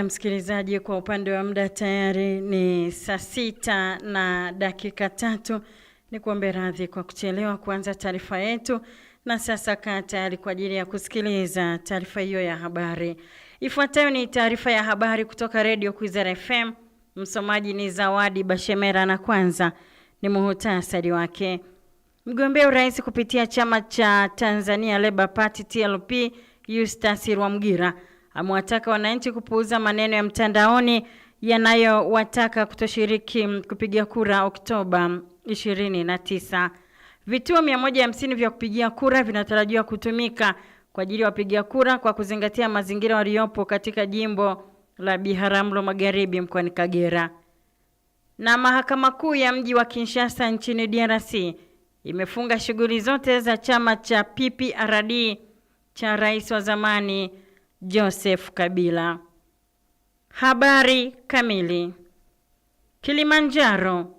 Na msikilizaji, kwa upande wa muda tayari ni saa sita na dakika tatu. Ni kuombe radhi kwa kuchelewa kuanza taarifa yetu, na sasa kaa tayari kwa ajili ya kusikiliza taarifa hiyo ya habari. Ifuatayo ni taarifa ya habari kutoka Redio Kwizera FM. Msomaji ni Zawadi Bashemera na kwanza ni muhutasari wake. Mgombea urais kupitia chama cha Tanzania Labour Party TLP Eustace Rwamgira amewataka wananchi kupuuza maneno ya mtandaoni yanayowataka kutoshiriki kupiga kura Oktoba 29. Vituo 150 vya kupigia kura vinatarajiwa kutumika kwa ajili ya wapiga kura kwa kuzingatia mazingira waliopo katika jimbo la Biharamulo Magharibi mkoani Kagera. Na mahakama kuu ya mji wa Kinshasa nchini DRC imefunga shughuli zote za chama cha PPRD cha rais wa zamani Joseph Kabila. Habari kamili. Kilimanjaro.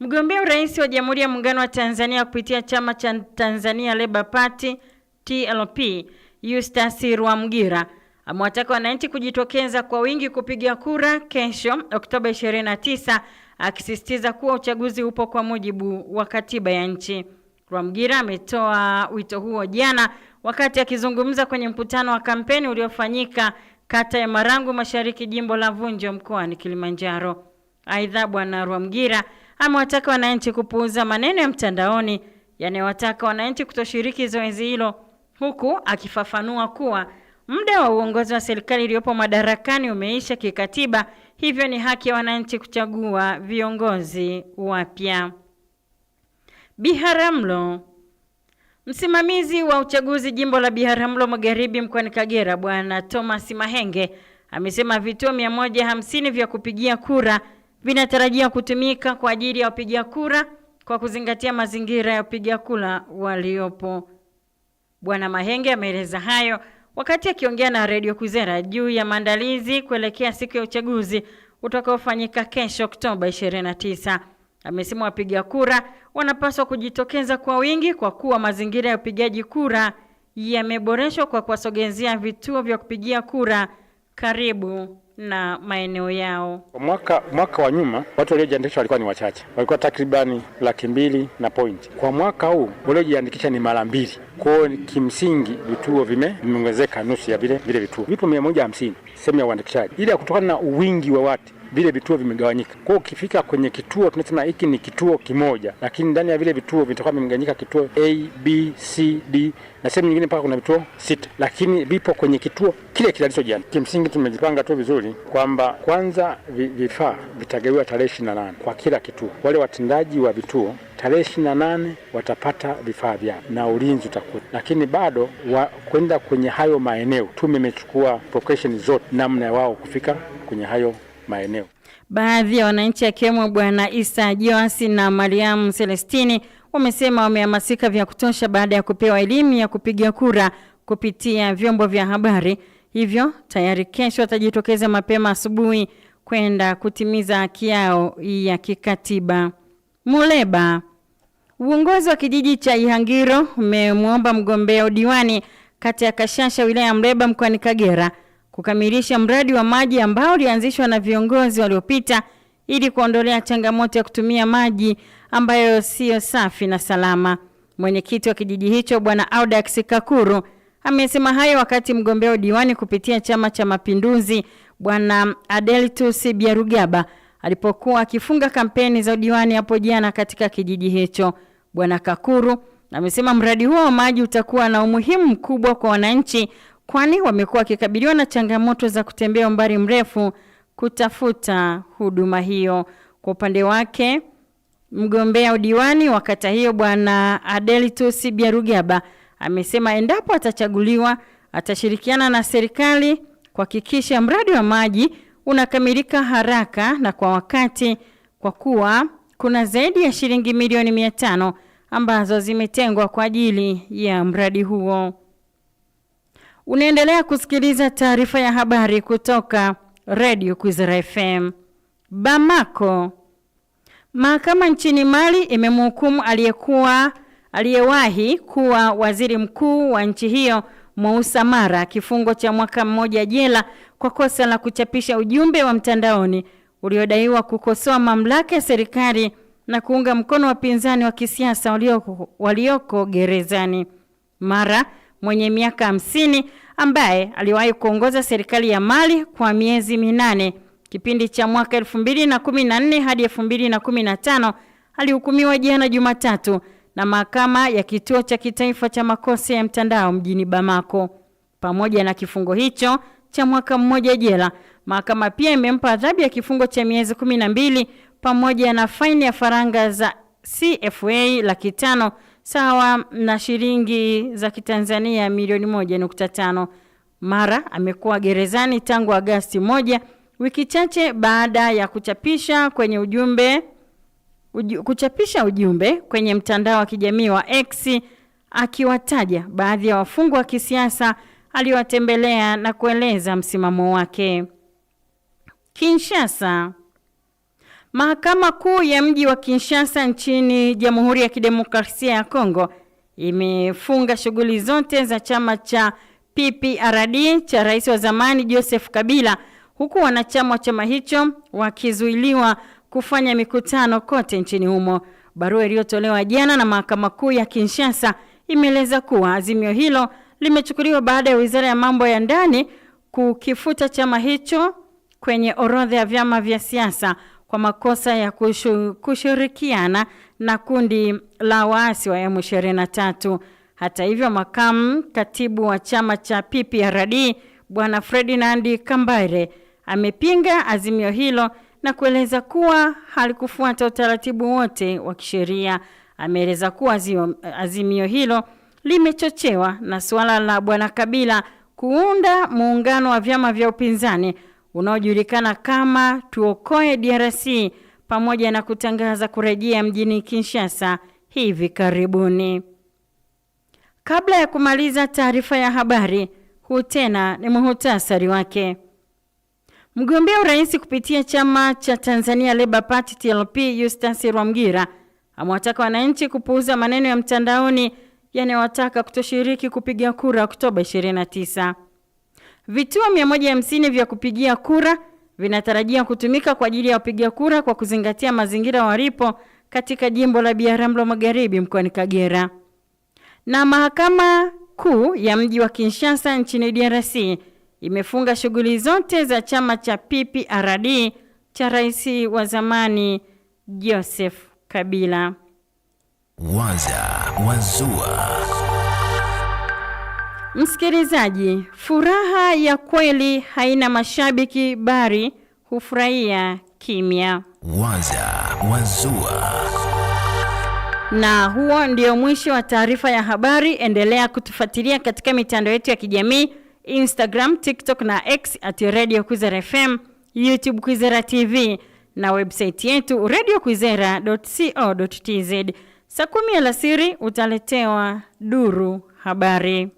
Mgombea urais wa Jamhuri ya Muungano wa Tanzania kupitia chama cha Tanzania Labour Party TLP, Eustace Rwamgira amewataka wananchi kujitokeza kwa wingi kupiga kura kesho Oktoba 29, akisisitiza kuwa uchaguzi upo kwa mujibu wa katiba ya nchi. Rwamgira ametoa wito huo jana Wakati akizungumza kwenye mkutano wa kampeni uliofanyika kata ya Marangu Mashariki, jimbo la Vunjo, mkoani Kilimanjaro. Aidha, Bwana Rwamgira amewataka wananchi kupuuza maneno ya mtandaoni yanayowataka wananchi kutoshiriki zoezi hilo, huku akifafanua kuwa muda wa uongozi wa serikali iliyopo madarakani umeisha kikatiba, hivyo ni haki ya wananchi kuchagua viongozi wapya. Biharamlo Msimamizi wa uchaguzi jimbo la Biharamulo Magharibi mkoani Kagera Bwana Thomas Mahenge amesema vituo 150 vya kupigia kura vinatarajia kutumika kwa ajili ya wapiga kura kwa kuzingatia mazingira ya wapiga kura waliopo. Bwana Mahenge ameeleza hayo wakati akiongea na Radio Kwizera juu ya maandalizi kuelekea siku ya uchaguzi utakaofanyika kesho Oktoba 29 amesema wapiga kura wanapaswa kujitokeza kwa wingi kwa kuwa mazingira ya upigaji kura yameboreshwa kwa kuwasogezea vituo vya kupigia kura karibu na maeneo yao. Mwaka, mwaka wa nyuma watu waliojiandikisha walikuwa ni wachache, walikuwa takribani laki mbili na point. Kwa mwaka huu waliojiandikisha ni mara mbili. Kwa kimsingi vituo vimeongezeka nusu ya vile vile vituo vipo mia moja hamsini sehemu ya uandikishaji, ila kutokana na uwingi wa watu vile vituo vimegawanyika. Kwa ukifika kwenye kituo tunasema hiki ni kituo kimoja, lakini ndani ya vile vituo vitakuwa vimegawanyika kituo A, B, C, D na sehemu nyingine mpaka kuna vituo sita, lakini vipo kwenye kituo kile kilichojana. Kimsingi tumejipanga tu vizuri kwamba kwanza vifaa vitagawiwa tarehe nane kwa kila kituo. Wale watendaji wa vituo tarehe ishirini na nane watapata vifaa vyao na ulinzi utakuwa, lakini bado wa kwenda kwenye hayo maeneo tume imechukua precaution zote, namna ya wao kufika kwenye hayo maeneo. Baadhi ya wananchi akiwemo Bwana Isa Joasi na Mariamu Selestini wamesema wamehamasika vya kutosha baada ya kupewa elimu ya kupiga kura kupitia vyombo vya habari, hivyo tayari kesho watajitokeza mapema asubuhi kwenda kutimiza haki yao ya kikatiba. Muleba, uongozi wa kijiji cha Ihangiro umemwomba mgombea udiwani kata ya Kashasha wilaya ya Mleba mkoani Kagera kukamilisha mradi wa maji ambao ulianzishwa na viongozi waliopita ili kuondolea changamoto ya kutumia maji ambayo siyo safi na salama. Mwenyekiti wa kijiji hicho Bwana Audax Kakuru amesema hayo wakati mgombea udiwani kupitia Chama cha Mapinduzi Bwana Adeltus Biarugaba alipokuwa akifunga kampeni za udiwani hapo jana katika kijiji hicho. Bwana Kakuru amesema mradi huo wa maji utakuwa na umuhimu mkubwa kwa wananchi kwani wamekuwa wakikabiliwa na changamoto za kutembea umbali mrefu kutafuta huduma hiyo. Kwa upande wake, mgombea udiwani wa kata hiyo Bwana Adelitus Biarugaba amesema endapo atachaguliwa atashirikiana na serikali kuhakikisha mradi wa maji unakamilika haraka na kwa wakati, kwa kuwa kuna zaidi ya shilingi milioni mia tano ambazo zimetengwa kwa ajili ya mradi huo. Unaendelea kusikiliza taarifa ya habari kutoka Radio Kwizera FM. Bamako. Mahakama nchini Mali imemhukumu aliyekuwa aliyewahi kuwa waziri mkuu wa nchi hiyo Moussa Mara kifungo cha mwaka mmoja jela kwa kosa la kuchapisha ujumbe wa mtandaoni uliodaiwa kukosoa mamlaka ya serikali na kuunga mkono wapinzani wa kisiasa walioko, walioko gerezani. Mara mwenye miaka hamsini ambaye aliwahi kuongoza serikali ya Mali kwa miezi minane. Kipindi cha mwaka nne hadi tano alihukumiwa jana Jumatatu na mahakama ya kituo cha kitaifa cha makosa ya mtandao mjini Bamako. Pamoja na kifungo hicho cha mwaka mmoja jela, mahakama pia imempa adhabu ya kifungo cha miezi 12 pamoja na faini ya faranga za CFA laki tano sawa na shilingi za Kitanzania milioni moja nukta tano. Mara amekuwa gerezani tangu Agasti moja, wiki chache baada ya kuchapisha kwenye ujumbe uju, kuchapisha ujumbe kwenye mtandao wa kijamii wa X akiwataja baadhi ya wafungwa wa kisiasa aliwatembelea na kueleza msimamo wake. Kinshasa Mahakama Kuu ya mji wa Kinshasa nchini Jamhuri ya Kidemokrasia ya Kongo imefunga shughuli zote za chama cha PPRD cha rais wa zamani Joseph Kabila huku wanachama wa chama hicho wakizuiliwa kufanya mikutano kote nchini humo. Barua iliyotolewa jana na Mahakama Kuu ya Kinshasa imeeleza kuwa azimio hilo limechukuliwa baada ya Wizara ya Mambo ya Ndani kukifuta chama hicho kwenye orodha ya vyama vya siasa kwa makosa ya kushu, kushirikiana na kundi la waasi wa M23. Hata hivyo, makamu katibu wa chama cha PPRD Bwana Ferdinand kambare amepinga azimio hilo na kueleza kuwa halikufuata utaratibu wote wa kisheria. Ameeleza kuwa azimio, azimio hilo limechochewa na suala la Bwana Kabila kuunda muungano wa vyama vya upinzani unaojulikana kama Tuokoe DRC pamoja na kutangaza kurejea mjini Kinshasa hivi karibuni. Kabla ya kumaliza taarifa ya habari, huu tena ni muhutasari wake. Mgombea urais kupitia chama cha Tanzania Labour Party TLP Eustace Rwamgira amewataka wananchi kupuuza maneno ya mtandaoni yanayowataka kutoshiriki kupiga kura Oktoba 29. Vituo 150 vya kupigia kura vinatarajia kutumika kwa ajili ya wapiga kura kwa kuzingatia mazingira walipo katika jimbo la Biharamulo Magharibi mkoani Kagera. Na mahakama kuu ya mji wa Kinshasa nchini DRC imefunga shughuli zote za chama cha PPRD cha rais wa zamani Joseph Kabila. Waza Wazua. Msikilizaji, furaha ya kweli haina mashabiki bali hufurahia kimya. Waza Wazua. Na huo ndio mwisho wa taarifa ya habari. Endelea kutufuatilia katika mitandao yetu ya kijamii Instagram, TikTok na X at Radio Kwizera FM, YouTube Kwizera TV na website yetu radiokwizera.co.tz. Saa kumi alasiri utaletewa duru habari.